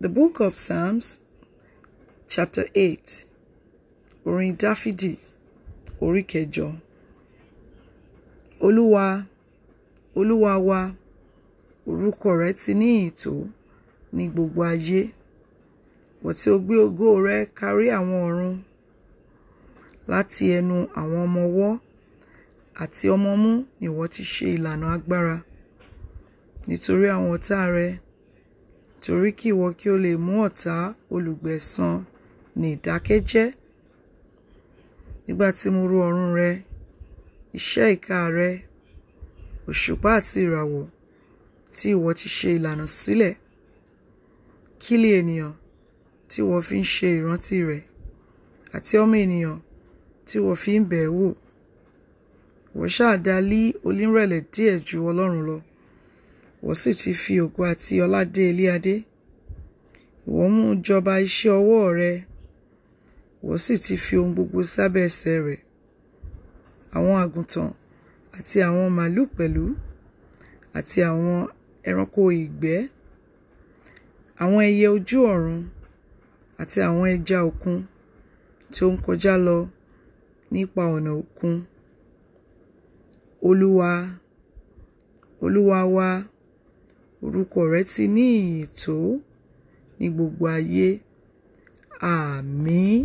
The book of Psalms, chapter 8, orin Dáfídì, orí kẹjọ. Olúwa, Olúwa wa, orúkọ rẹ ti ní ìyìntó ní gbogbo ayé. Wọ́n tí ó gbé ògo rẹ kárí àwọn ọ̀run láti ẹnu àwọn ọmọ ọwọ́ àti ọmọ mú ni wọ́n ti ṣe ìlànà agbára nítorí àwọn ọ̀tá rẹ torí kí ìwọ kí o lè mú ọ̀tá olùgbẹ̀san ní ìdákẹ́jẹ́ nígbà tí mo ro ọ̀run rẹ iṣẹ́ ìka rẹ òṣùpá àti ìràwọ̀ tí ìwọ ti ṣe ìlànà sílẹ̀ kílí ènìyàn tí ìwọ fi ń ṣe ìrántí rẹ̀ àti ọmọ ènìyàn tí ìwọ fi ń bẹ̀ẹ́ wò ìwọ ṣáà dá lí onírẹ̀lẹ̀ díẹ̀ ju Ọlọ́run lọ wọ́n sì ti fi ògo àti ọlá dé Eléadé ìwọ mú jọba iṣẹ́ ọwọ́ rẹ wọ́n sì ti fi ohun gbogbo sábẹ́ ẹsẹ̀ rẹ̀ àwọn àgùntàn àti àwọn màálù pẹ̀lú àti àwọn ẹranko ìgbẹ́ àwọn ẹyẹ ojú ọ̀run àti àwọn ẹja òkun tí ó ń kọjá lọ nípa ọ̀nà òkun olúwa olúwa wa orúkọ rẹ ti ní ìyìn tó ní gbogbo ayé àmín.